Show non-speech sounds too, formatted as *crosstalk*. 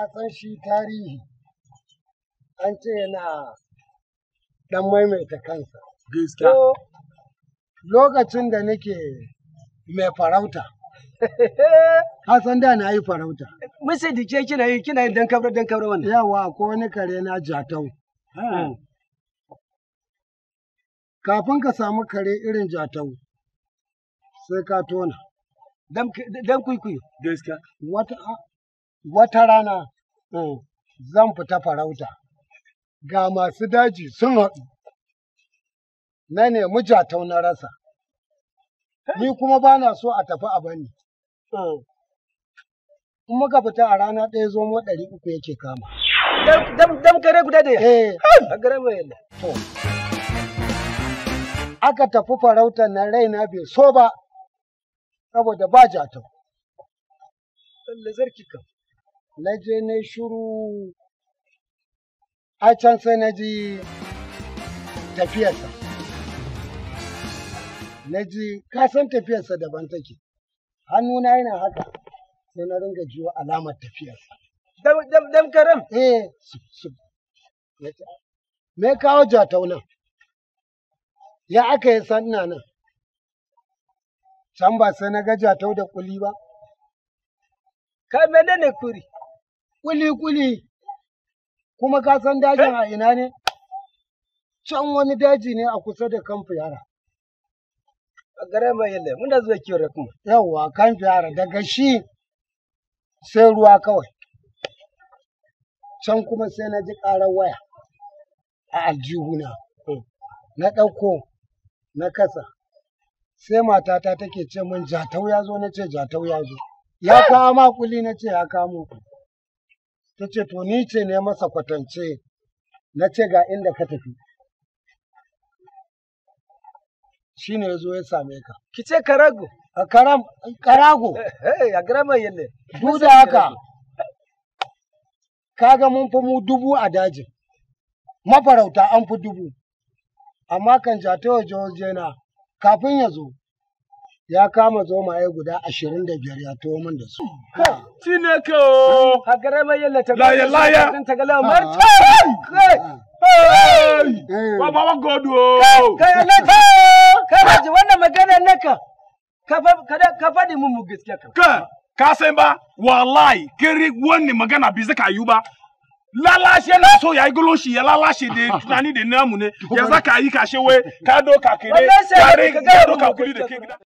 ka san shi tarihi an ce yana ɗan maimaita kansa. Gaskiya. Lokacin da nake mai farauta, *laughs* ka san da na yi farauta. Musa dike kina yi kina yin dan kabra dan kabra wannan. Yawa ko wani kare na jatau. Ah. Hmm. Kafin ka samu kare irin jatau, sai ka tona. Dan kuikuyi. Gaskiya. Wata wata rana eh, zan fita farauta, ga masu daji sun haɗu, na nemi jatau na rasa, ni kuma ba na so a tafi a bani. Eh, in muka fita a rana ɗaya zo mu ɗari uku yake kama. Dam kare guda da ya eh. A gare mai yalla. To. Aka tafi farauta na raina bai so ba, saboda ba jatau. Allah zarki kam. na je na shuru a can sai na ji tafiyarsa na ji kasan tafiyarsa daban take hannuna yana haka sai na ringa jiwa alamar tafiyarsa dam dam karam eh me kawo jatauna ya aka yi sanna nan can ba sai na ga jatau da kuli ba ka menene kuri kuli-kuli kuma ka san dajin a ina ne? Can wani daji ne a kusa da kamfi yara. A gare mai da muna zuwa kiwon da kuma. Yawwa kamfi yara daga shi sai ruwa kawai. Can kuma sai na ji ƙarar waya a aljihuna. Hmm. Na ɗauko na kasa. Sai matata take ce min jatau ya zo na ce jatau ya zo. Ya kama kuli na ce ya kama kuli. ta ce to ni ce ne masa kwatance na ce ga inda ka tafi shi ne zo ya same ka ki ce karago a karam karago eh, a yalle duk da haka kaga mun fi mu dubu a dajin mafarauta an fi dubu amma kan jatawa wa na kafin ya zo ya kama zomaye guda ashirin da biyar ya tuwo min da su. Cineke o! Oh. A gare mai yalla ta laya laya. Kan ta gala martan. Ba ba wa godu o. Oh. Kai alaka. Kai baji wannan magana ne Ka faɗi mun mu gaskiya ka. Ka ka san ba wallahi kiri wani magana bi zaka yi ba. lalashe na so ya yi goloshi ya lalashe da *laughs* tunani da namu ne ya zaka yi kashe wai ka doka kire ka doka kudi da ke gida.